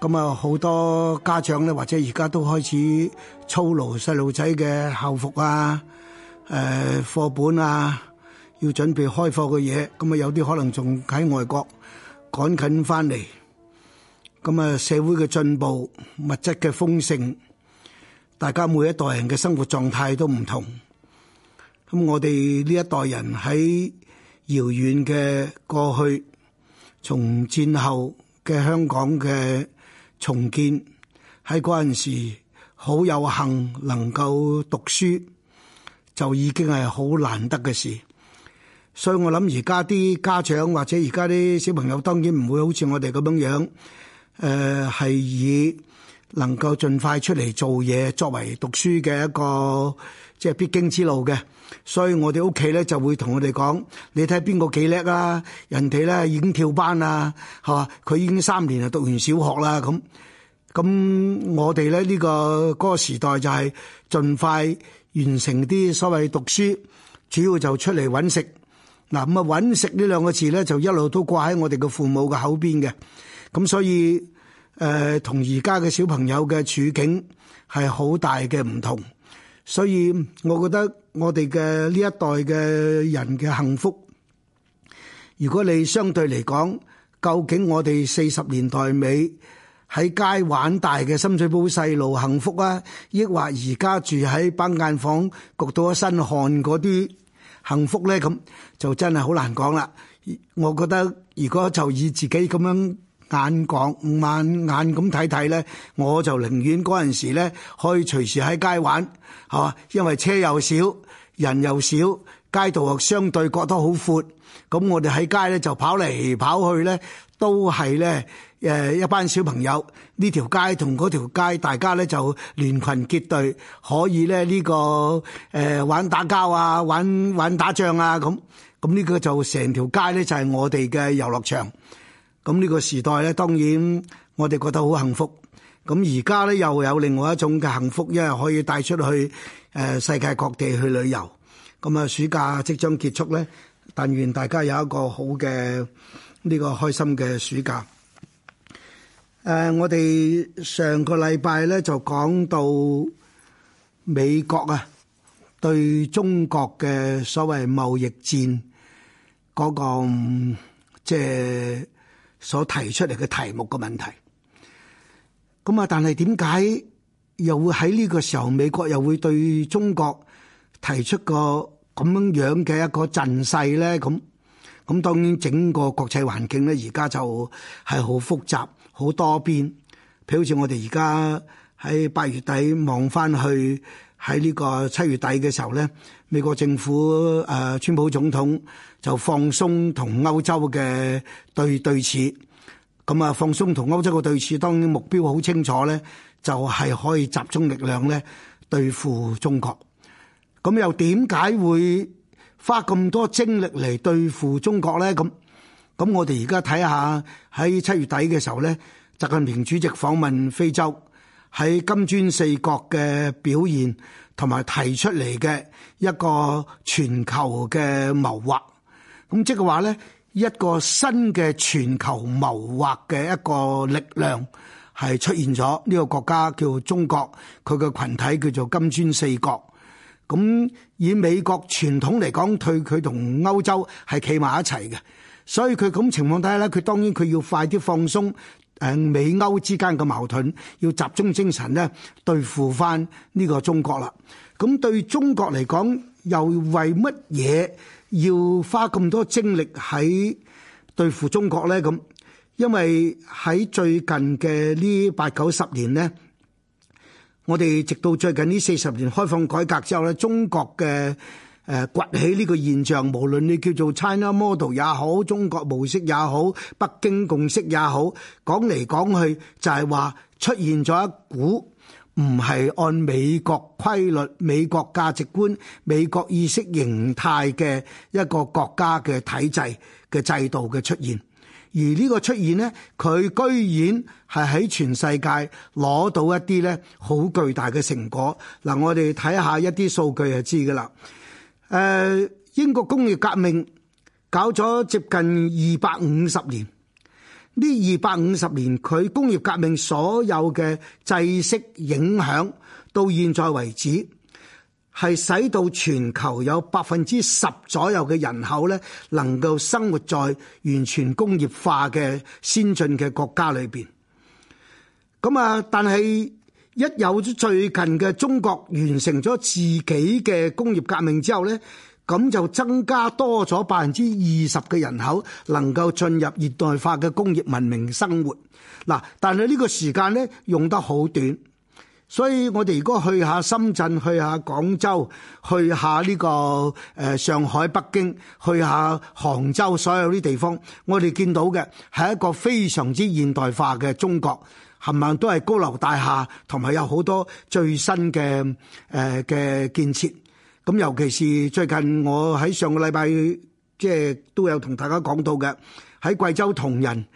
咁啊，好多家長咧，或者而家都開始操勞細路仔嘅校服啊、誒、呃、課本啊，要準備開課嘅嘢。咁、嗯、啊，有啲可能仲喺外國，趕緊翻嚟。咁、嗯、啊，社會嘅進步、物質嘅豐盛，大家每一代人嘅生活狀態都唔同。咁、嗯、我哋呢一代人喺遙遠嘅過去，從戰後嘅香港嘅重建喺嗰陣時，好有幸能夠讀書，就已經係好難得嘅事。所以我諗而家啲家長或者而家啲小朋友，當然唔會好似我哋咁樣樣，誒、呃，係以。能夠盡快出嚟做嘢，作為讀書嘅一個即係必經之路嘅，所以我哋屋企咧就會同我哋講，你睇邊個幾叻啊？人哋咧已經跳班啦，係嘛，佢已經三年啊讀完小學啦，咁，咁我哋咧呢個嗰個時代就係盡快完成啲所謂讀書，主要就出嚟搵食。嗱，咁啊搵食呢兩個字咧，就一路都掛喺我哋嘅父母嘅口邊嘅，咁所以。誒、呃，同而家嘅小朋友嘅處境係好大嘅唔同，所以我覺得我哋嘅呢一代嘅人嘅幸福，如果你相對嚟講，究竟我哋四十年代尾喺街玩大嘅深水埗細路幸福啊，抑或而家住喺板間房焗到一身汗嗰啲幸福咧，咁就真係好難講啦。我覺得如果就以自己咁樣。眼逛眼眼咁睇睇咧，我就寧願嗰陣時咧可以隨時喺街玩，嚇，因為車又少，人又少，街道又相對覺得好闊。咁我哋喺街咧就跑嚟跑去咧，都係咧誒一班小朋友呢條街同嗰條街，大家咧就聯群結隊，可以咧、這、呢個誒玩打交啊，玩玩打仗啊咁。咁呢個就成條街咧就係我哋嘅遊樂場。咁呢個時代咧，當然我哋覺得好幸福。咁而家咧又有另外一種嘅幸福，因為可以帶出去誒世界各地去旅遊。咁啊，暑假即將結束咧，但願大家有一個好嘅呢個開心嘅暑假。誒，我哋上個禮拜咧就講到美國啊，對中國嘅所謂貿易戰嗰個即係。所提出嚟嘅題目嘅問題，咁啊，但係點解又會喺呢個時候美國又會對中國提出個咁樣樣嘅一個陣勢咧？咁咁當然整個國際環境咧，而家就係好複雜，好多變，譬如好似我哋而家喺八月底望翻去。喺呢個七月底嘅時候咧，美國政府誒、呃、川普總統就放鬆同歐洲嘅對對峙，咁啊放鬆同歐洲嘅對峙，當然目標好清楚咧，就係可以集中力量咧對付中國。咁又點解會花咁多精力嚟對付中國咧？咁咁我哋而家睇下喺七月底嘅時候咧，習近平主席訪問非洲。喺金磚四國嘅表現同埋提出嚟嘅一個全球嘅謀劃，咁即係話咧，一個新嘅全球謀劃嘅一個力量係出現咗。呢個國家叫中國，佢個群體叫做金磚四國。咁以美國傳統嚟講，對佢同歐洲係企埋一齊嘅，所以佢咁情況底下咧，佢當然佢要快啲放鬆。誒美歐之間嘅矛盾，要集中精神咧對付翻呢個中國啦。咁、嗯、對中國嚟講，又為乜嘢要花咁多精力喺對付中國咧？咁、嗯、因為喺最近嘅呢八九十年咧，我哋直到最近呢四十年開放改革之後咧，中國嘅誒崛起呢個現象，無論你叫做 China Model 也好，中國模式也好，北京共識也好，講嚟講去就係話出現咗一股唔係按美國規律、美國價值觀、美國意識形態嘅一個國家嘅體制嘅制度嘅出現。而呢個出現呢，佢居然係喺全世界攞到一啲呢好巨大嘅成果。嗱，我哋睇下一啲數據就知㗎啦。誒，英國工業革命搞咗接近二百五十年，呢二百五十年佢工業革命所有嘅制式影響，到現在為止係使到全球有百分之十左右嘅人口咧，能夠生活在完全工業化嘅先進嘅國家裏邊。咁啊，但係。一有咗最近嘅中國完成咗自己嘅工業革命之後呢，咁就增加多咗百分之二十嘅人口能夠進入現代化嘅工業文明生活。嗱，但係呢個時間呢用得好短，所以我哋如果去下深圳、去下廣州、去下呢個誒上海、北京、去下杭州所有啲地方，我哋見到嘅係一個非常之現代化嘅中國。冚唪唥都係高樓大廈，同埋有好多最新嘅誒嘅建設。咁、呃、尤其是最近，我喺上個禮拜即係都有同大家講到嘅，喺貴州銅仁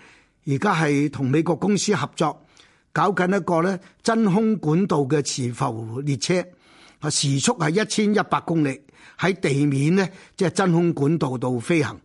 而家係同美國公司合作，搞緊一個咧真空管道嘅磁浮列車，時速係一千一百公里喺地面咧即係真空管道度飛行。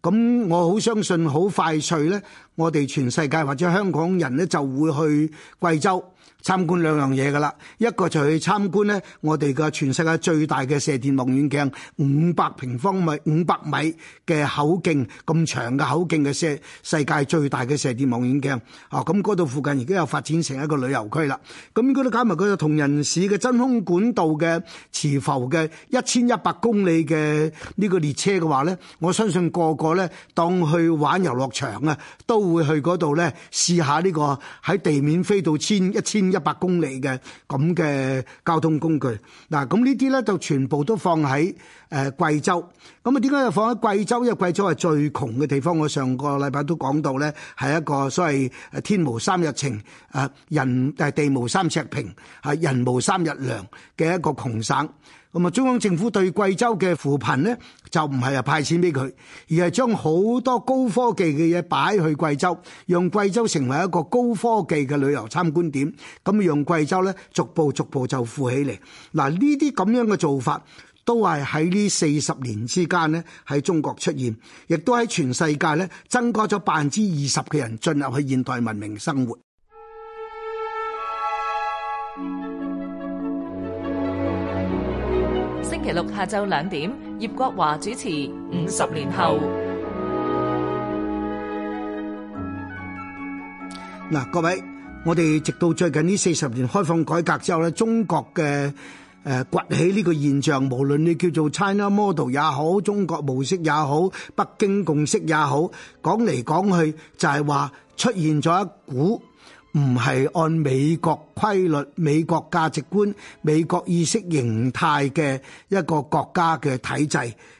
咁我好相信好快脆咧，我哋全世界或者香港人咧就會去貴州。參觀兩樣嘢噶啦，一個就去參觀咧，我哋嘅全世界最大嘅射電望遠鏡，五百平方米、五百米嘅口徑咁長嘅口徑嘅射世界最大嘅射電望遠鏡。哦，咁嗰度附近而家又發展成一個旅遊區啦。咁嗰度搞埋佢個銅仁市嘅真空管道嘅磁浮嘅一千一百公里嘅呢個列車嘅話咧，我相信個個咧當去玩遊樂場啊，都會去嗰度咧試下呢、這個喺地面飛到千一千。千一百公里嘅咁嘅交通工具嗱，咁呢啲咧就全部都放喺誒、呃、貴州，咁啊點解又放喺貴州？因為貴州係最窮嘅地方。我上個禮拜都講到咧，係一個所謂誒天無三日晴，誒人誒地無三尺平，係人無三日糧嘅一個窮省。咁啊，中央政府對貴州嘅扶貧咧，就唔係啊派錢俾佢，而係將好多高科技嘅嘢擺去貴州，讓貴州成為一個高科技嘅旅遊參觀點，咁讓貴州咧逐步逐步就富起嚟。嗱，呢啲咁樣嘅做法都係喺呢四十年之間咧，喺中國出現，亦都喺全世界咧增加咗百分之二十嘅人進入去現代文明生活。星期六下晝兩點，葉國華主持《五十年後》。嗱，各位，我哋直到最近呢四十年開放改革之後咧，中國嘅誒崛起，呢個現象，無論你叫做 China Model 也好，中國模式也好，北京共識也好，講嚟講去就係話出現咗一股。唔係按美國規律、美國價值觀、美國意識形態嘅一個國家嘅體制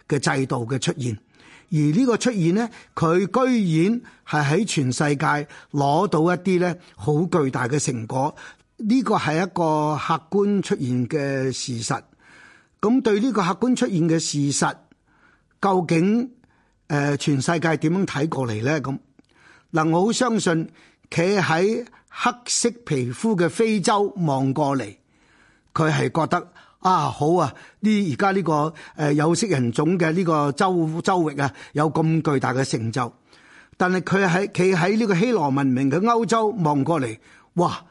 嘅制度嘅出現，而呢個出現呢，佢居然係喺全世界攞到一啲呢好巨大嘅成果，呢個係一個客觀出現嘅事實。咁對呢個客觀出現嘅事實，究竟誒、呃、全世界點樣睇過嚟呢？咁嗱，我好相信企喺。黑色皮膚嘅非洲望過嚟，佢係覺得啊好啊，呢而家呢個誒有色人種嘅呢個周周域啊有咁巨大嘅成就，但係佢喺企喺呢個希羅文明嘅歐洲望過嚟，哇，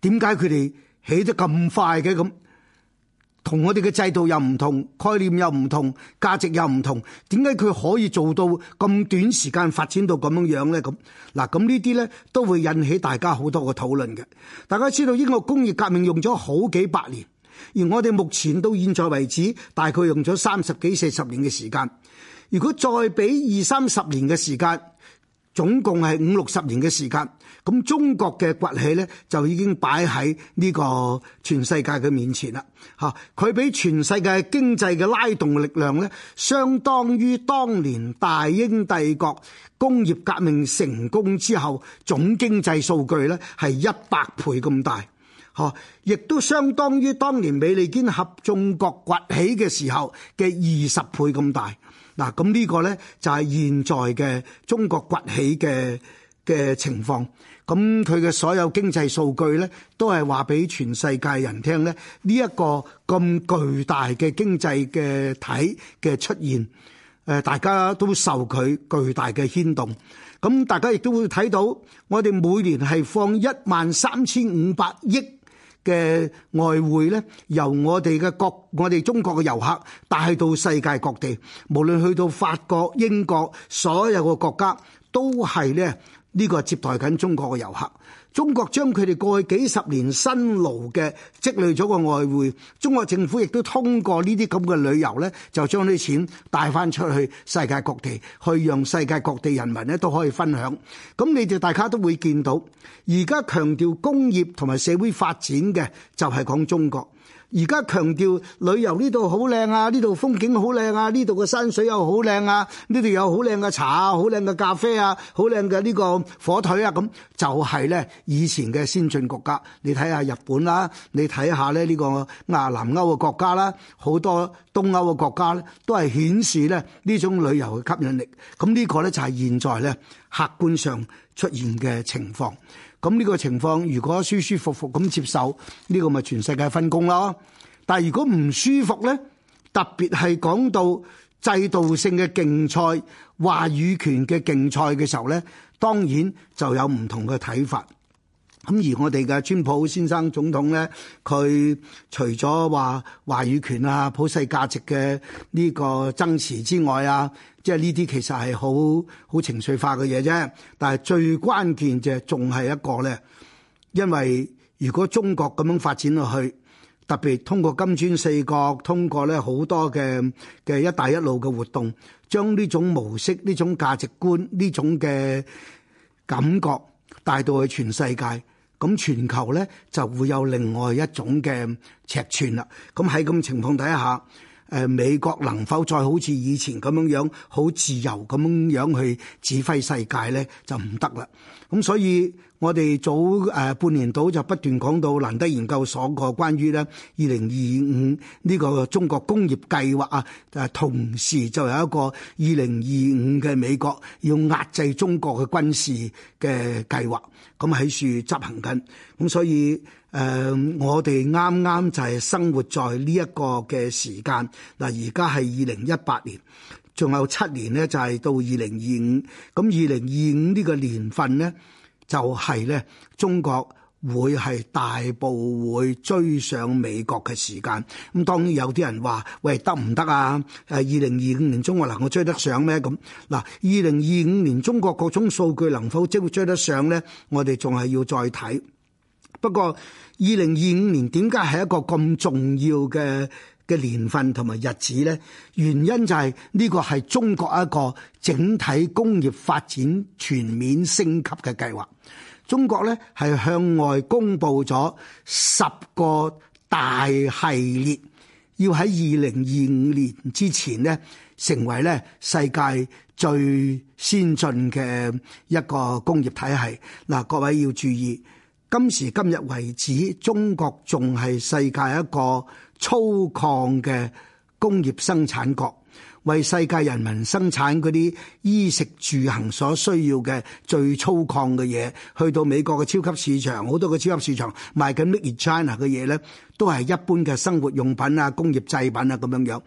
點解佢哋起得咁快嘅咁？同我哋嘅制度又唔同，概念又唔同，價值又唔同，點解佢可以做到咁短時間發展到咁樣樣咧？咁嗱，咁呢啲咧都會引起大家好多嘅討論嘅。大家知道英國工業革命用咗好幾百年，而我哋目前到現在為止大概用咗三十幾四十年嘅時間，如果再俾二三十年嘅時間，總共係五六十年嘅時間。咁中國嘅崛起呢，就已經擺喺呢個全世界嘅面前啦。嚇，佢俾全世界經濟嘅拉動力量呢，相當於當年大英帝國工業革命成功之後總經濟數據呢，係一百倍咁大，嚇，亦都相當於當年美利堅合眾國崛起嘅時候嘅二十倍咁大。嗱，咁呢個呢，就係現在嘅中國崛起嘅。嘅情況，咁佢嘅所有經濟數據呢，都係話俾全世界人聽呢。呢一個咁巨大嘅經濟嘅體嘅出現，誒，大家都受佢巨大嘅牽動。咁大家亦都會睇到，我哋每年係放一萬三千五百億嘅外匯呢，由我哋嘅國，我哋中國嘅遊客帶到世界各地，無論去到法國、英國所有嘅國家，都係呢。呢個接待緊中國嘅遊客，中國將佢哋過去幾十年辛勞嘅積累咗個外匯，中國政府亦都通過這這呢啲咁嘅旅遊呢，就將啲錢帶翻出去世界各地，去讓世界各地人民呢都可以分享。咁你哋大家都會見到，而家強調工業同埋社會發展嘅就係講中國。而家強調旅遊呢度好靚啊，呢度風景好靚啊，呢度嘅山水又好靚啊，呢度有好靚嘅茶啊，好靚嘅咖啡啊，好靚嘅呢個火腿啊，咁就係呢以前嘅先進國家，你睇下日本啦、啊，你睇下呢呢個亞南歐嘅國家啦、啊，好多東歐嘅國家呢都係顯示呢呢種旅遊嘅吸引力。咁呢個呢，就係現在呢客觀上出現嘅情況。咁呢個情況，如果舒舒服服咁接受，呢個咪全世界分工咯。但係如果唔舒服呢，特別係講到制度性嘅競賽、話語權嘅競賽嘅時候呢，當然就有唔同嘅睇法。咁而我哋嘅川普先生總統咧，佢除咗話話語權啊、普世價值嘅呢個爭持之外啊，即係呢啲其實係好好情緒化嘅嘢啫。但係最關鍵就係仲係一個咧，因為如果中國咁樣發展落去，特別通過金磚四國、通過咧好多嘅嘅一帶一路嘅活動，將呢種模式、呢種價值觀、呢種嘅感覺帶到去全世界。咁全球咧就會有另外一種嘅尺寸啦。咁喺咁情況底下，誒美國能否再好似以前咁樣樣好自由咁樣去指揮世界咧，就唔得啦。咁所以。我哋早誒半年度就不斷講到蘭德研究所個關於咧二零二五呢個中國工業計劃啊，誒同時就有一個二零二五嘅美國要壓制中國嘅軍事嘅計劃，咁喺處執行緊。咁所以誒、呃，我哋啱啱就係生活在呢一個嘅時間。嗱，而家係二零一八年，仲有七年呢，就係、是、到二零二五。咁二零二五呢個年份呢。就係咧，中國會係大部會追上美國嘅時間。咁當然有啲人話，喂，得唔得啊？誒，二零二五年中國能夠追得上咩？咁嗱，二零二五年中國各種數據能否即會追得上咧？我哋仲係要再睇。不過，二零二五年點解係一個咁重要嘅嘅年份同埋日子咧，原因就係呢個係中國一個整體工業發展全面升級嘅計劃。中國咧係向外公布咗十個大系列，要喺二零二五年之前咧成為咧世界最先進嘅一個工業體系。嗱，各位要注意。今時今日為止，中國仲係世界一個粗獷嘅工業生產國，為世界人民生產嗰啲衣食住行所需要嘅最粗獷嘅嘢。去到美國嘅超級市場，好多個超級市場賣緊 Made in China 嘅嘢咧，都係一般嘅生活用品啊、工業製品啊咁樣樣。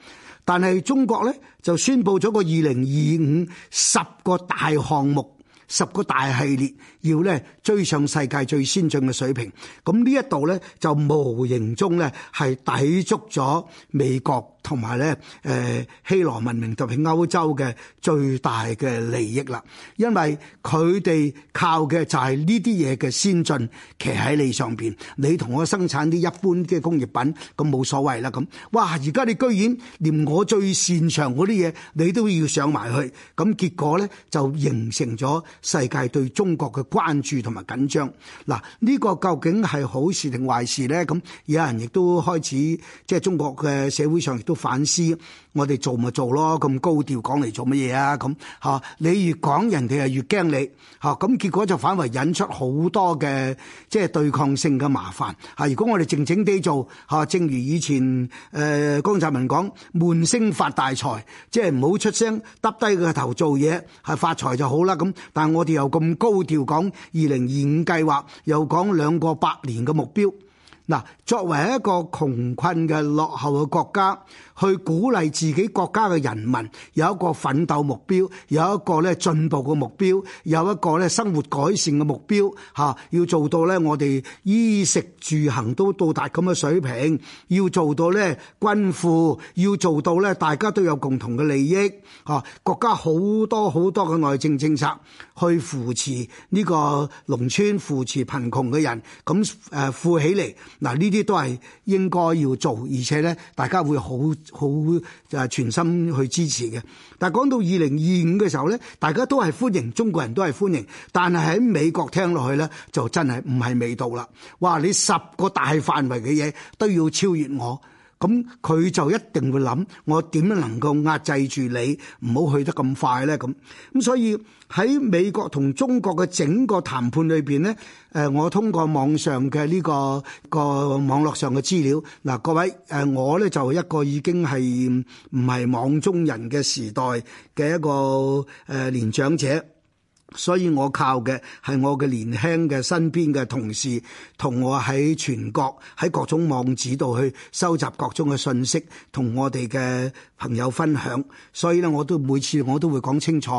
但係中國咧就宣布咗個二零二五十個大項目。十個大系列要咧追上世界最先進嘅水平，咁呢一度咧就無形中咧係抵觸咗美國。同埋咧，誒希羅文明，特別歐洲嘅最大嘅利益啦，因為佢哋靠嘅就係呢啲嘢嘅先進騎喺你上邊，你同我生產啲一般嘅工業品，咁冇所謂啦咁。哇！而家你居然連我最擅長嗰啲嘢，你都要上埋去，咁結果咧就形成咗世界對中國嘅關注同埋緊張嗱，呢個究竟係好事定壞事咧？咁有人亦都開始即係中國嘅社會上亦都。反思，我哋做咪做咯，咁高調講嚟做乜嘢啊？咁吓，你越講，人哋又越驚你吓，咁結果就反為引出好多嘅即係對抗性嘅麻煩吓。如果我哋靜靜地做吓，正如以前誒江澤民講，悶聲發大財，即係唔好出聲，耷低個頭做嘢係發財就好啦。咁，但係我哋又咁高調講二零二五計劃，又講兩個百年嘅目標。嗱，作為一個窮困嘅落後嘅國家，去鼓勵自己國家嘅人民有一個奮鬥目標，有一個咧進步嘅目標，有一個咧生活改善嘅目標，嚇要做到咧我哋衣食住行都到達咁嘅水平，要做到咧均富，要做到咧大家都有共同嘅利益，嚇國家好多好多嘅外政政策去扶持呢個農村，扶持貧窮嘅人，咁誒富起嚟。嗱，呢啲都係應該要做，而且咧，大家會好好就係全心去支持嘅。但係講到二零二五嘅時候咧，大家都係歡迎，中國人都係歡迎，但係喺美國聽落去咧，就真係唔係味道啦。哇！你十個大範圍嘅嘢都要超越我。咁佢就一定會諗，我點樣能夠壓制住你，唔好去得咁快咧？咁咁所以喺美國同中國嘅整個談判裏邊咧，誒，我通過網上嘅呢、這個個網絡上嘅資料，嗱各位誒，我咧就一個已經係唔係網中人嘅時代嘅一個誒年長者。所以我靠嘅係我嘅年輕嘅身邊嘅同事，同我喺全國喺各種網址度去收集各種嘅信息，同我哋嘅朋友分享。所以咧，我都每次我都會講清楚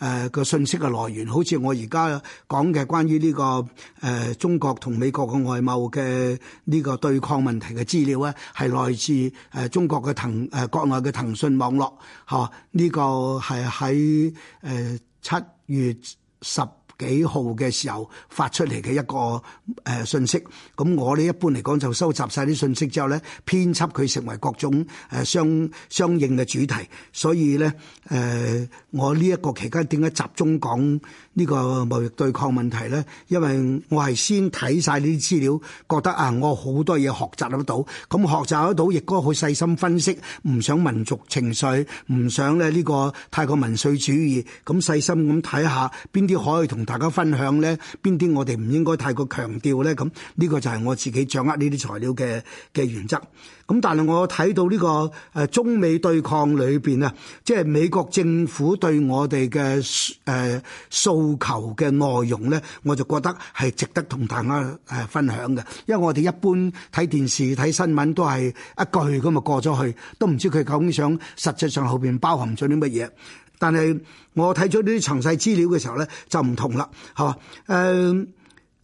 誒個、呃、信息嘅來源。好似我而家講嘅關於呢、這個誒、呃、中國同美國嘅外貿嘅呢個對抗問題嘅資料咧，係來自誒中國嘅騰誒國內嘅騰訊網絡吓，呢、哦這個係喺誒七月十幾號嘅時候發出嚟嘅一個誒、呃、信息，咁我呢，一般嚟講就收集晒啲信息之後咧，編輯佢成為各種誒、呃、相相應嘅主題，所以咧誒、呃、我呢一個期間點解集中講？呢個貿易對抗問題咧，因為我係先睇晒呢啲資料，覺得啊，我好多嘢學習得到。咁學習得到，亦都去細心分析，唔想民族情緒，唔想咧呢個太過民粹主義，咁細心咁睇下，邊啲可以同大家分享咧？邊啲我哋唔應該太過強調咧？咁、這、呢個就係我自己掌握呢啲材料嘅嘅原則，咁但係我睇到呢個誒中美對抗裏邊啊，即係美國政府對我哋嘅誒數。要求嘅內容咧，我就覺得係值得同大家誒分享嘅，因為我哋一般睇電視睇新聞都係一句咁就過咗去，都唔知佢究竟想實際上後邊包含咗啲乜嘢。但係我睇咗呢啲詳細資料嘅時候咧，就唔同啦嚇。誒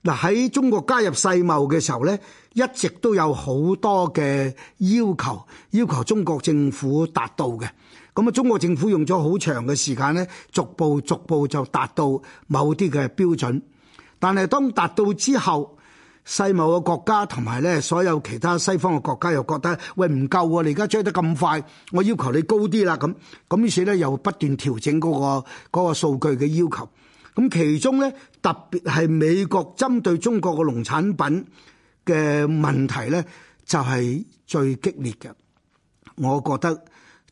嗱，喺中國加入世貿嘅時候咧，一直都有好多嘅要求，要求中國政府達到嘅。咁啊！中國政府用咗好長嘅時間咧，逐步逐步就達到某啲嘅標準。但係當達到之後，世貿嘅國家同埋咧所有其他西方嘅國家又覺得喂唔夠啊！你而家追得咁快，我要求你高啲啦咁。咁於是咧又不斷調整嗰個嗰個數據嘅要求。咁其中咧特別係美國針對中國嘅農產品嘅問題咧，就係最激烈嘅。我覺得。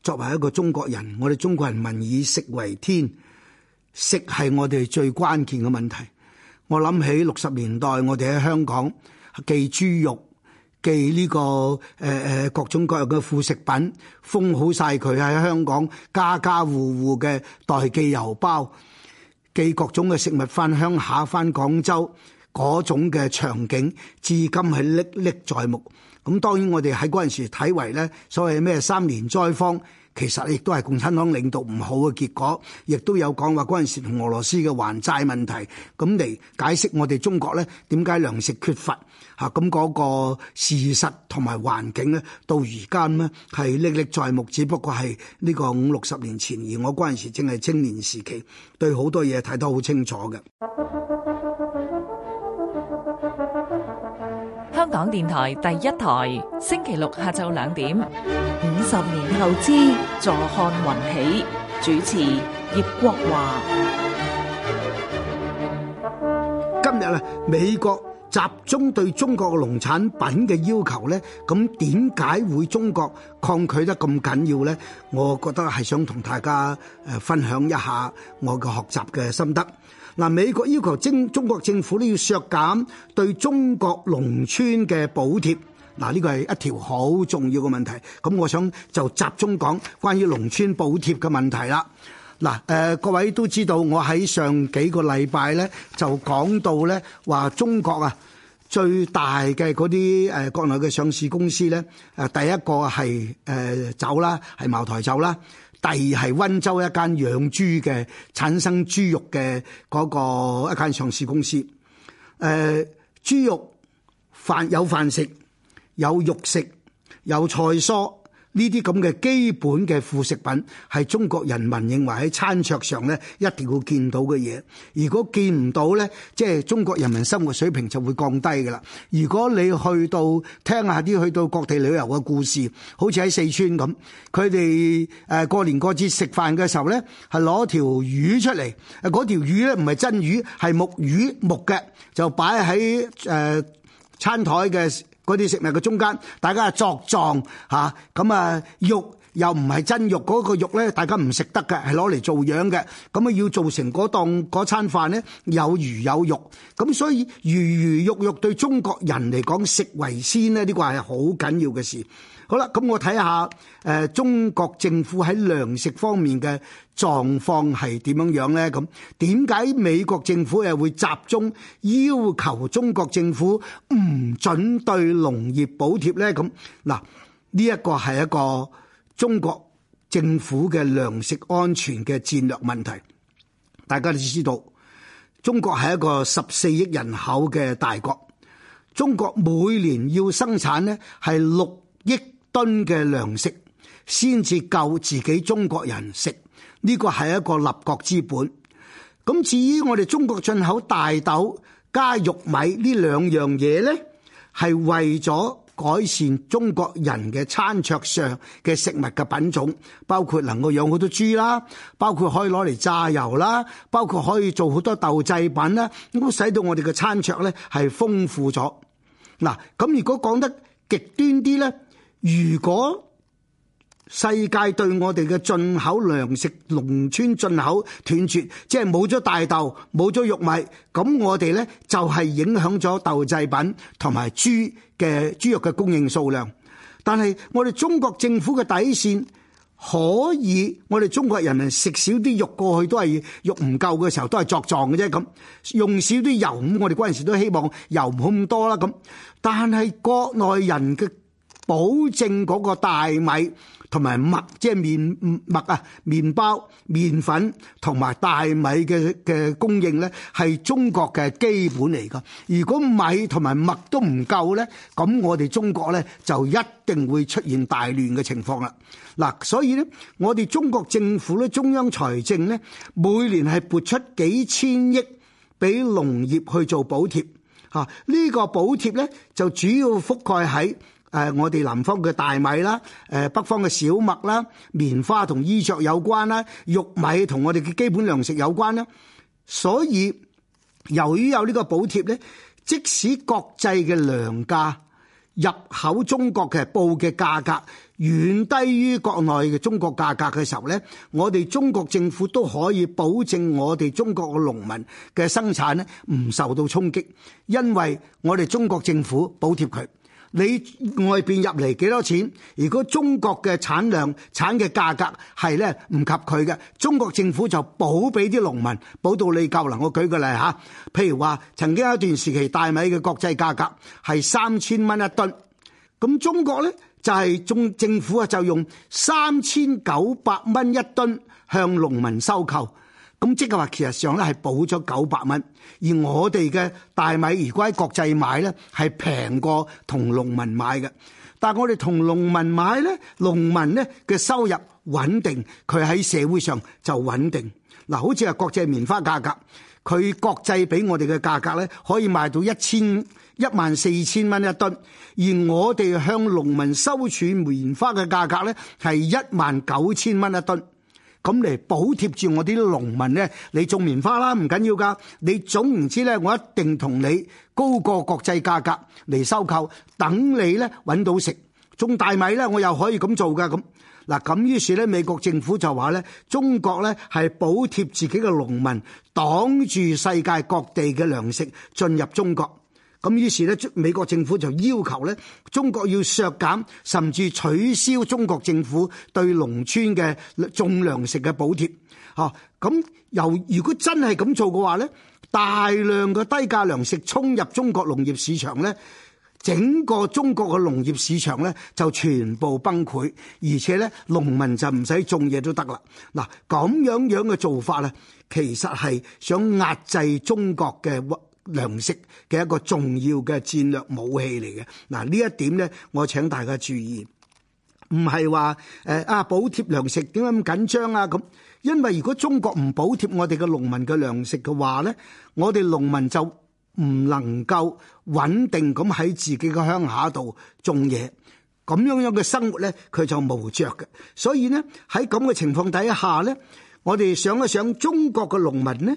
作為一個中國人，我哋中國人民以食為天，食係我哋最關鍵嘅問題。我諗起六十年代我哋喺香港寄豬肉、寄呢、呢個誒誒、呃、各種各樣嘅副食品，封好晒佢喺香港家家戶戶嘅代寄郵包，寄各種嘅食物翻鄉下、翻廣州嗰種嘅場景，至今係歷歷在目。咁當然我哋喺嗰陣時睇為咧所謂咩三年災荒，其實亦都係共產黨領導唔好嘅結果，亦都有講話嗰陣時同俄羅斯嘅還債問題，咁嚟解釋我哋中國咧點解糧食缺乏嚇咁嗰個事實同埋環境咧，到而家呢係歷歷在目，只不過係呢個五六十年前，而我嗰陣時正係青年時期，對好多嘢睇得好清楚嘅。港電台第一台，星期六下晝兩點。五十年投資，坐看雲起。主持葉國華。今日啊，美國集中對中國嘅農產品嘅要求咧，咁點解會中國抗拒得咁緊要咧？我覺得係想同大家誒分享一下我嘅學習嘅心得。嗱，美國要求中中國政府都要削減對中國農村嘅補貼，嗱，呢個係一條好重要嘅問題。咁我想就集中講關於農村補貼嘅問題啦。嗱，誒各位都知道，我喺上幾個禮拜咧就講到咧，話中國啊最大嘅嗰啲誒國內嘅上市公司咧，誒第一個係誒酒啦，係茅台酒啦。第二係溫州一間養豬嘅產生豬肉嘅嗰、那個一間上市公司，誒、呃、豬肉飯有飯食，有肉食，有菜蔬。呢啲咁嘅基本嘅副食品，係中國人民認為喺餐桌上咧一定要見到嘅嘢。如果見唔到咧，即係中國人民生活水平就會降低㗎喇。如果你去到聽下啲去到各地旅遊嘅故事，好似喺四川咁，佢哋誒過年過節食飯嘅時候咧，係攞條魚出嚟，誒嗰條魚咧唔係真魚，係木魚木嘅，就擺喺誒餐枱嘅。嗰啲食物嘅中間，大家係作狀嚇，咁啊，啊肉又唔係真肉，嗰個肉呢，大家唔食得嘅，係攞嚟做樣嘅，咁啊要做成嗰檔嗰餐飯呢，有魚有肉，咁所以魚魚肉肉對中國人嚟講，食為先呢，呢個係好緊要嘅事。好啦，咁我睇下，誒、呃，中國政府喺糧食方面嘅狀況係點樣呢樣咧？咁點解美國政府係會集中要求中國政府唔準對農業補貼咧？咁嗱，呢一個係一個中國政府嘅糧食安全嘅戰略問題。大家都知道，中國係一個十四億人口嘅大國，中國每年要生產呢係六億新嘅糧食先至夠自己中國人食，呢個係一個立國之本。咁至於我哋中國進口大豆加玉米呢兩樣嘢咧，係為咗改善中國人嘅餐桌上嘅食物嘅品種，包括能夠養好多豬啦，包括可以攞嚟榨油啦，包括可以做好多豆製品啦，咁都使到我哋嘅餐桌咧係豐富咗。嗱，咁如果講得極端啲咧？如果世界對我哋嘅進口糧食、農村進口斷絕，即係冇咗大豆、冇咗玉米，咁我哋咧就係影響咗豆製品同埋豬嘅豬肉嘅供應數量。但係我哋中國政府嘅底線，可以我哋中國人民食少啲肉過去都係肉唔夠嘅時候都係作狀嘅啫。咁用少啲油，咁我哋嗰陣時都希望油唔好咁多啦。咁但係國內人嘅。保證嗰個大米同埋麥，即係麵麥啊，麵包、麵粉同埋大米嘅嘅供應呢，係中國嘅基本嚟噶。如果米同埋麥都唔夠呢，咁我哋中國呢，就一定會出現大亂嘅情況啦。嗱，所以呢，我哋中國政府咧，中央財政呢，每年係撥出幾千億俾農業去做補貼嚇。呢個補貼呢，就主要覆蓋喺。誒，我哋南方嘅大米啦，誒，北方嘅小麥啦，棉花同衣着有關啦，玉米同我哋嘅基本糧食有關啦。所以，由於有呢個補貼咧，即使國際嘅糧價入口中國嘅報嘅價格遠低於國內嘅中國價格嘅時候咧，我哋中國政府都可以保證我哋中國嘅農民嘅生產咧唔受到衝擊，因為我哋中國政府補貼佢。你外邊入嚟幾多錢？如果中國嘅產量、產嘅價格係咧唔及佢嘅，中國政府就補俾啲農民補到你夠啦。我舉個例嚇，譬如話曾經有一段時期，大米嘅國際價格係三千蚊一噸，咁中國呢，就係、是、中政府啊就用三千九百蚊一噸向農民收購。咁即係話，其實上咧係補咗九百蚊，而我哋嘅大米如果喺國際買咧，係平過同農民買嘅。但係我哋同農民買咧，農民咧嘅收入穩定，佢喺社會上就穩定。嗱，好似係國際棉花價格，佢國際俾我哋嘅價格咧，可以賣到一千一萬四千蚊一噸，而我哋向農民收儲棉花嘅價格咧，係一萬九千蚊一噸。咁嚟補貼住我啲農民呢，你種棉花啦，唔緊要噶，你總唔知呢，我一定同你高過國際價格嚟收購，等你呢揾到食。種大米呢，我又可以咁做噶咁。嗱，咁於是呢，美國政府就話呢，中國呢係補貼自己嘅農民，擋住世界各地嘅糧食進入中國。咁於是咧，美國政府就要求咧，中國要削減甚至取消中國政府對農村嘅種糧食嘅補貼。嚇，咁又如果真係咁做嘅話咧，大量嘅低價糧食衝入中國農業市場咧，整個中國嘅農業市場咧就全部崩潰，而且咧農民就唔使種嘢都得啦。嗱，咁樣樣嘅做法咧，其實係想壓制中國嘅。糧食嘅一個重要嘅戰略武器嚟嘅，嗱，呢一點咧，我請大家注意，唔係話誒啊補貼糧食點解咁緊張啊咁，因為如果中國唔補貼我哋嘅農民嘅糧食嘅話咧，我哋農民就唔能夠穩定咁喺自己嘅鄉下度種嘢，咁樣樣嘅生活咧佢就無着嘅，所以呢，喺咁嘅情況底下咧，我哋想一想中國嘅農民咧。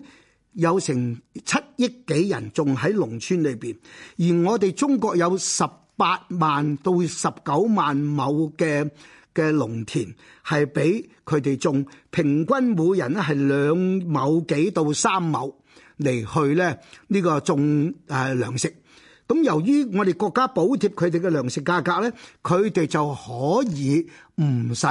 有成七億幾人種喺農村裏邊，而我哋中國有十八萬到十九萬畝嘅嘅農田係俾佢哋種，平均每人咧係兩畝幾到三畝嚟去咧呢個種誒糧食。咁由於我哋國家補貼佢哋嘅糧食價格咧，佢哋就可以唔使。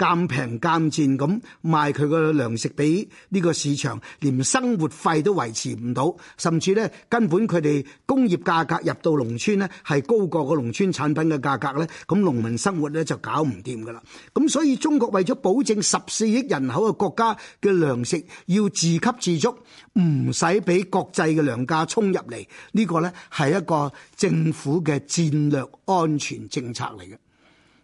貪平貪賤咁賣佢個糧食俾呢個市場，連生活費都維持唔到，甚至呢，根本佢哋工業價格入到農村呢，係高過個農村產品嘅價格呢，咁農民生活呢，就搞唔掂噶啦。咁所以中國為咗保證十四億人口嘅國家嘅糧食要自給自足，唔使俾國際嘅糧價衝入嚟，呢個呢，係一個政府嘅戰略安全政策嚟嘅。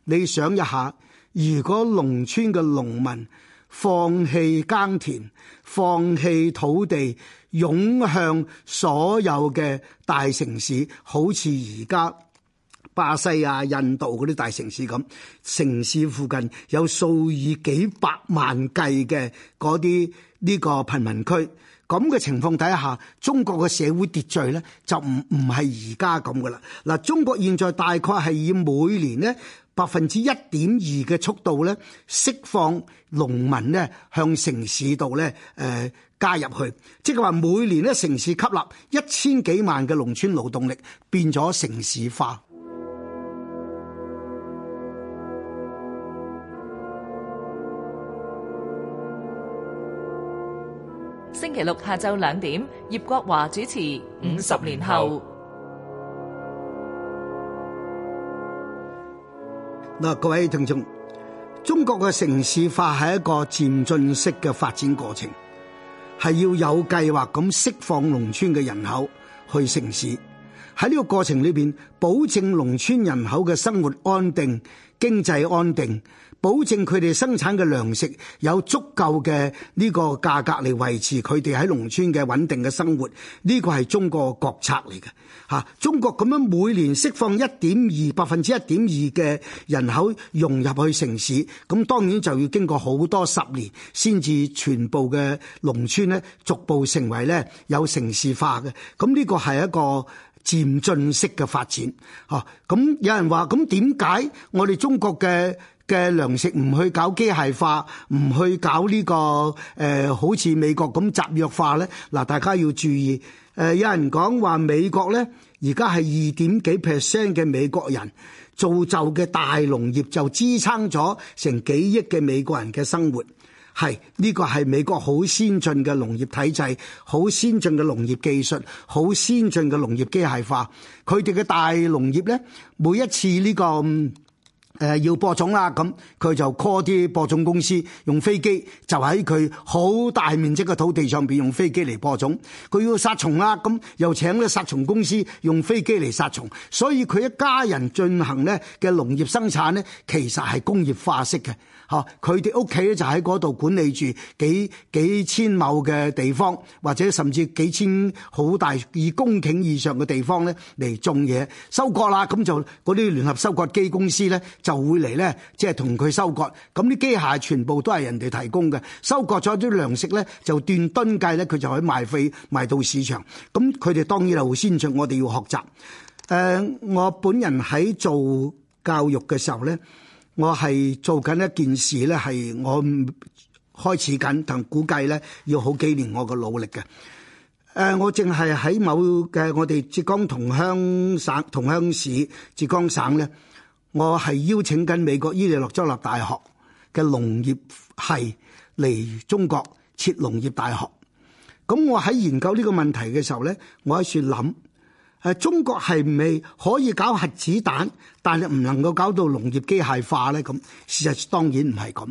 你想一下。如果農村嘅農民放棄耕田、放棄土地，湧向所有嘅大城市，好似而家巴西啊、印度嗰啲大城市咁，城市附近有數以幾百萬計嘅嗰啲呢個貧民區，咁嘅情況底下，中國嘅社會秩序呢，就唔唔係而家咁噶啦。嗱，中國現在大概係以每年呢，百分之一點二嘅速度咧，釋放農民咧向城市度咧誒加入去，即係話每年咧城市吸納一千幾萬嘅農村勞動力，變咗城市化。星期六下晝兩點，葉國華主持《五十年後》。嗱，各位聽眾，中國嘅城市化係一個漸進式嘅發展過程，係要有計劃咁釋放農村嘅人口去城市。喺呢個過程裏邊，保證農村人口嘅生活安定、經濟安定。保證佢哋生產嘅糧食有足夠嘅呢個價格嚟維持佢哋喺農村嘅穩定嘅生活，呢個係中國國策嚟嘅嚇。中國咁樣每年釋放一點二，百分之一點二嘅人口融入去城市，咁當然就要經過好多十年先至全部嘅農村咧逐步成為咧有城市化嘅。咁呢個係一個漸進式嘅發展嚇。咁有人話，咁點解我哋中國嘅？嘅糧食唔去搞機械化，唔去搞呢個誒，好似美國咁集約化呢。嗱，大家要注意。誒，有人講話美國呢而家係二點幾 percent 嘅美國人造就嘅大農業就支撐咗成幾億嘅美國人嘅生活。係，呢個係美國好先進嘅農業體制，好先進嘅農業技術，好先進嘅農業機械化。佢哋嘅大農業呢，每一次呢個。嗯誒、呃，要播種啦，咁佢就 call 啲播種公司，用飛機就喺佢好大面積嘅土地上邊用飛機嚟播種。佢要殺蟲啦，咁又請啲殺蟲公司用飛機嚟殺蟲。所以佢一家人進行咧嘅農業生產咧，其實係工業化式嘅。嚇！佢哋屋企咧就喺嗰度管理住幾幾千畝嘅地方，或者甚至幾千好大二公頃以上嘅地方咧嚟種嘢，收割啦咁就嗰啲聯合收割機公司咧就會嚟咧，即係同佢收割。咁啲機械全部都係人哋提供嘅，收割咗啲糧食咧就斷噸計咧，佢就可以賣費賣到市場。咁佢哋當然係先進，我哋要學習。誒、呃，我本人喺做教育嘅時候咧。我係做緊一件事咧，係我開始緊，但估計咧要好幾年我嘅努力嘅。誒，我淨係喺某嘅我哋浙江同鄉省、同鄉市、浙江省咧，我係邀請緊美國伊利諾州立大學嘅農業系嚟中國設農業大學。咁我喺研究呢個問題嘅時候咧，我喺度諗。誒，中國係唔係可以搞核子彈，但係唔能夠搞到農業機械化咧？咁事實當然唔係咁。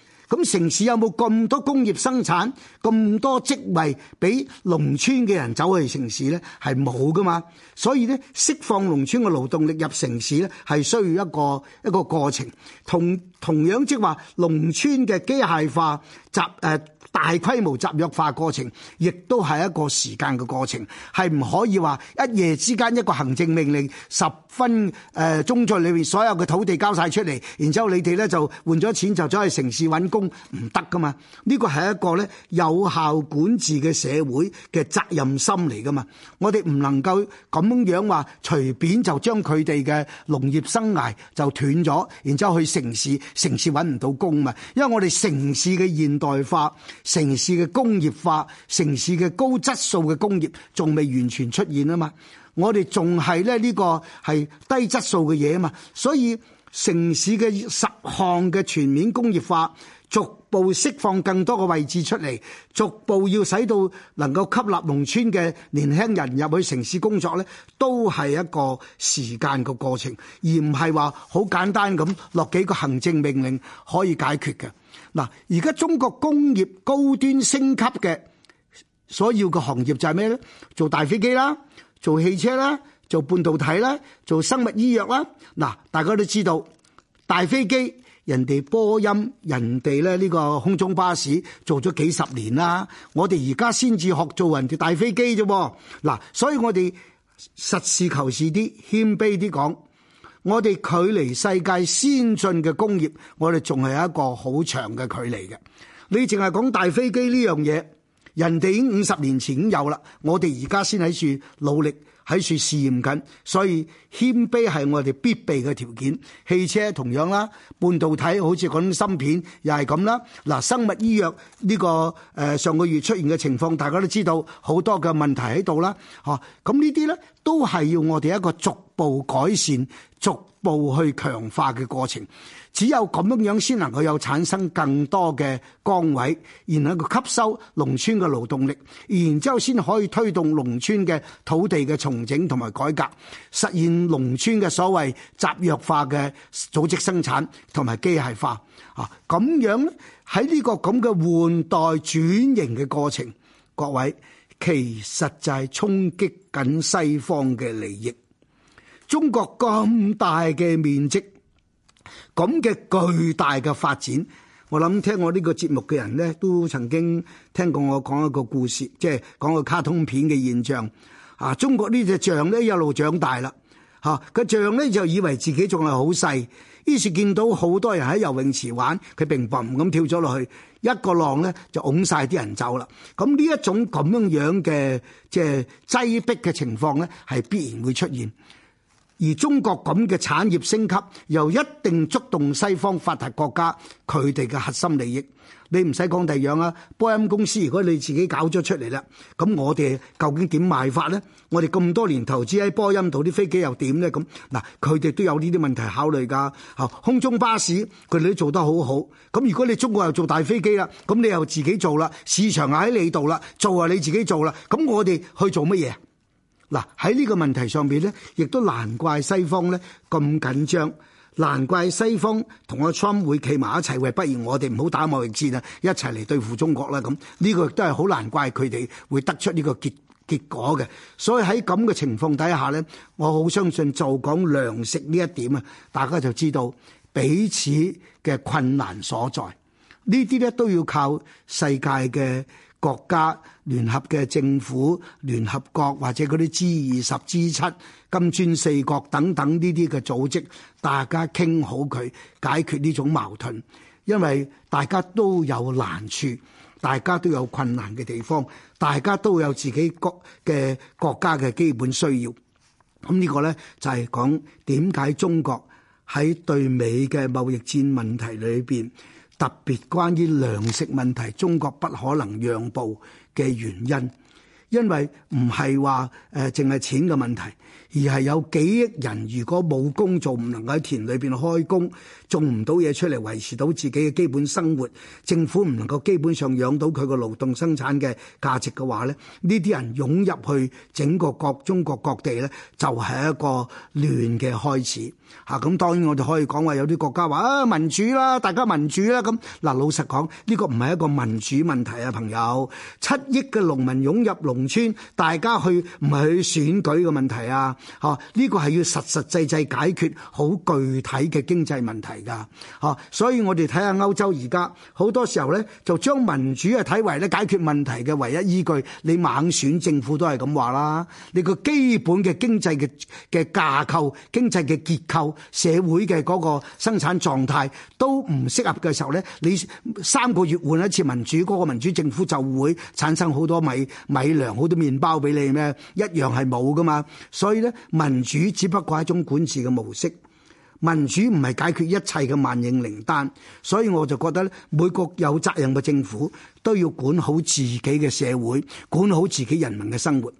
咁城市有冇咁多工業生產，咁多職位俾農村嘅人走去城市呢？係冇噶嘛，所以呢，釋放農村嘅勞動力入城市呢，係需要一個一個過程。同同樣即係話農村嘅機械化集誒。呃大規模集約化過程，亦都係一個時間嘅過程，係唔可以話一夜之間一個行政命令，十分誒、呃、中在裏面所有嘅土地交晒出嚟，然之後你哋呢就換咗錢就走去城市揾工，唔得㗎嘛。呢、這個係一個咧有效管治嘅社會嘅責任心嚟㗎嘛。我哋唔能夠咁樣話隨便就將佢哋嘅農業生涯就斷咗，然之後去城市，城市揾唔到工嘛。因為我哋城市嘅現代化。城市嘅工業化，城市嘅高質素嘅工業仲未完全出現啊嘛，我哋仲係咧呢個係低質素嘅嘢啊嘛，所以城市嘅十項嘅全面工業化。逐步釋放更多嘅位置出嚟，逐步要使到能夠吸納農村嘅年輕人入去城市工作呢，都係一個時間嘅過程，而唔係話好簡單咁落幾個行政命令可以解決嘅。嗱，而家中國工業高端升級嘅所要嘅行業就係咩呢？做大飛機啦，做汽車啦，做半導體啦，做生物醫藥啦。嗱，大家都知道大飛機。人哋波音，人哋咧呢個空中巴士做咗幾十年啦，我哋而家先至學做人哋大飛機啫。嗱，所以我哋實事求是啲，謙卑啲講，我哋距離世界先進嘅工業，我哋仲係一個好長嘅距離嘅。你淨係講大飛機呢樣嘢，人哋已經五十年前已經有啦，我哋而家先喺處努力。喺處試驗緊，所以謙卑係我哋必備嘅條件。汽車同樣啦，半導體好似嗰啲芯片又係咁啦。嗱，生物醫藥呢、呢個誒、呃、上個月出現嘅情況，大家都知道好多嘅問題喺度啦。嚇、啊，咁呢啲咧。都係要我哋一個逐步改善，逐步去強化嘅過程。只有咁樣樣先能夠有產生更多嘅崗位，然後吸收農村嘅勞動力，然之後先可以推動農村嘅土地嘅重整同埋改革，實現農村嘅所謂集約化嘅組織生產同埋機械化。啊，咁樣喺呢個咁嘅換代轉型嘅過程，各位。其實就係衝擊緊西方嘅利益。中國咁大嘅面積，咁嘅巨大嘅發展，我諗聽我呢個節目嘅人呢，都曾經聽過我講一個故事，即係講個卡通片嘅現象。啊，中國呢隻象呢，一路長大啦，吓個象呢，就以為自己仲係好細，於是見到好多人喺游泳池玩，佢並嘣咁跳咗落去。一個浪咧就拱晒啲人走啦，咁呢一種咁樣樣嘅即係擠迫嘅情況咧，係必然會出現。而中國咁嘅產業升級，又一定觸動西方發達國家佢哋嘅核心利益。你唔使講第樣啦，波音公司如果你自己搞咗出嚟啦，咁我哋究竟點賣法呢？我哋咁多年投資喺波音度，啲飛機又點呢？咁嗱，佢哋都有呢啲問題考慮噶。空中巴士佢哋都做得好好，咁如果你中國又做大飛機啦，咁你又自己做啦，市場喺你度啦，做啊你自己做啦，咁我哋去做乜嘢？嗱，喺呢個問題上邊呢，亦都難怪西方呢咁緊張。難怪西方同阿 Trump 會企埋一齊，喂，不如我哋唔好打貿易戰啦，一齊嚟對付中國啦。咁呢個亦都係好難怪佢哋會得出呢個結結果嘅。所以喺咁嘅情況底下咧，我好相信就講糧食呢一點啊，大家就知道彼此嘅困難所在。呢啲咧都要靠世界嘅。國家聯合嘅政府、聯合國或者嗰啲 G 二十、G 七、金磚四國等等呢啲嘅組織，大家傾好佢解決呢種矛盾，因為大家都有難處，大家都有困難嘅地方，大家都有自己國嘅國家嘅基本需要。咁呢個呢，就係講點解中國喺對美嘅貿易戰問題裏邊，特別關於糧食問題，中國不可能讓步嘅原因，因為唔係話誒淨係錢嘅問題。而係有幾億人，如果冇工做，唔能夠喺田裏邊開工，種唔到嘢出嚟維持到自己嘅基本生活，政府唔能夠基本上養到佢個勞動生產嘅價值嘅話咧，呢啲人湧入去整個各中國各地呢就係一個亂嘅開始。嚇，咁當然我哋可以講話有啲國家話啊民主啦，大家民主啦。咁嗱，老實講，呢個唔係一個民主問題啊，朋友。七億嘅農民湧入農村，大家去唔係去選舉嘅問題啊！吓，呢個係要實實際際解決好具體嘅經濟問題噶，吓，所以我哋睇下歐洲而家好多時候呢，就將民主啊睇為咧解決問題嘅唯一依據。你猛選政府都係咁話啦，你個基本嘅經濟嘅嘅架構、經濟嘅結構、社會嘅嗰個生產狀態都唔適合嘅時候呢，你三個月換一次民主，嗰個民主政府就會產生好多米米糧、好多麵包俾你咩？一樣係冇噶嘛，所以呢。民主只不過係一種管治嘅模式，民主唔係解決一切嘅萬應靈丹，所以我就覺得咧，每個有責任嘅政府都要管好自己嘅社會，管好自己人民嘅生活。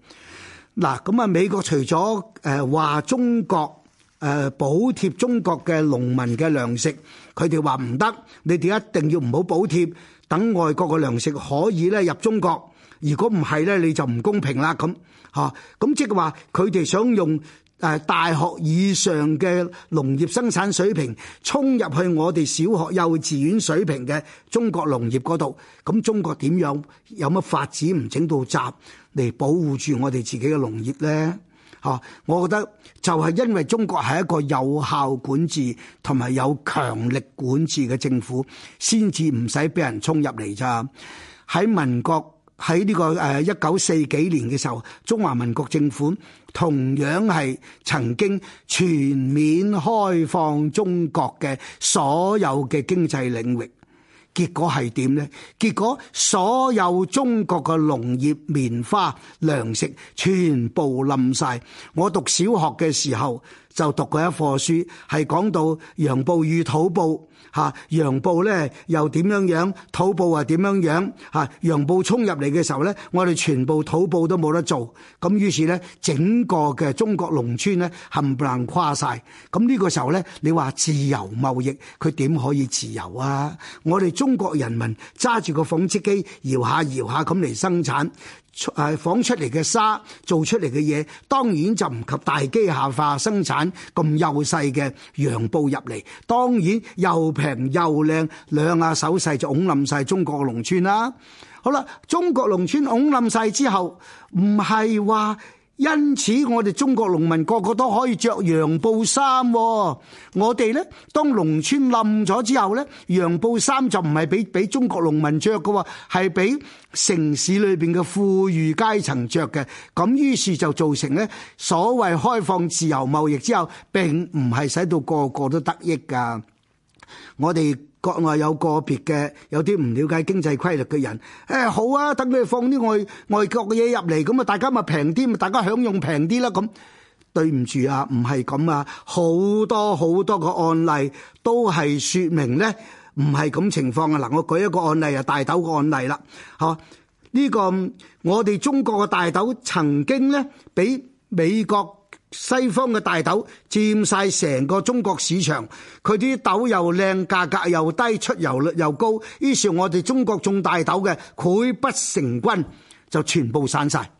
嗱，咁啊，美國除咗誒話中國誒補貼中國嘅農民嘅糧食，佢哋話唔得，你哋一定要唔好補貼，等外國嘅糧食可以咧入中國，如果唔係咧，你就唔公平啦咁。嚇，咁、嗯、即係話佢哋想用誒大學以上嘅農業生產水平衝入去我哋小學幼稚園水平嘅中國農業嗰度，咁、嗯、中國點樣有乜法子唔整到閘嚟保護住我哋自己嘅農業呢？嚇、嗯，我覺得就係因為中國係一個有效管治同埋有強力管治嘅政府，先至唔使俾人衝入嚟咋。喺民國。喺呢個誒一九四幾年嘅時候，中華民國政府同樣係曾經全面開放中國嘅所有嘅經濟領域，結果係點呢？結果所有中國嘅農業、棉花、糧食全部冧曬。我讀小學嘅時候就讀過一課書，係講到洋布與土布。嚇，洋布咧又點樣樣，土布啊點樣樣，嚇洋布衝入嚟嘅時候咧，我哋全部土布都冇得做，咁於是咧整個嘅中國農村咧冚唪唥跨晒。咁呢個時候咧，你話自由貿易佢點可以自由啊？我哋中國人民揸住個紡織機搖下搖下咁嚟生產。房出紡出嚟嘅紗做出嚟嘅嘢，當然就唔及大機械化生產咁幼細嘅洋布入嚟，當然又平又靚，兩下手勢就拱冧晒中國嘅農村啦。好啦，中國農村拱冧晒之後，唔係話。因此，我哋中國農民個個都可以着洋布衫。我哋呢，當農村冧咗之後呢，洋布衫就唔係俾俾中國農民着噶，係俾城市裏邊嘅富裕階層着嘅。咁於是就造成呢，所謂開放自由貿易之後，並唔係使到個個都得益噶。我哋。國內有個別嘅有啲唔瞭解經濟規律嘅人。誒好啊，等你放啲外外國嘅嘢入嚟，咁啊大家咪平啲，咪大家享用平啲啦。咁對唔住啊，唔係咁啊，好多好多個案例都係説明咧，唔係咁情況啊。嗱，我舉一個案例啊，大豆個案例啦，嚇呢個我哋中國嘅大豆曾經咧，畀美國。西方嘅大豆占曬成個中國市場，佢啲豆又靚，價格又低，出油率又高，於是我哋中國種大豆嘅，潰不成軍，就全部散晒。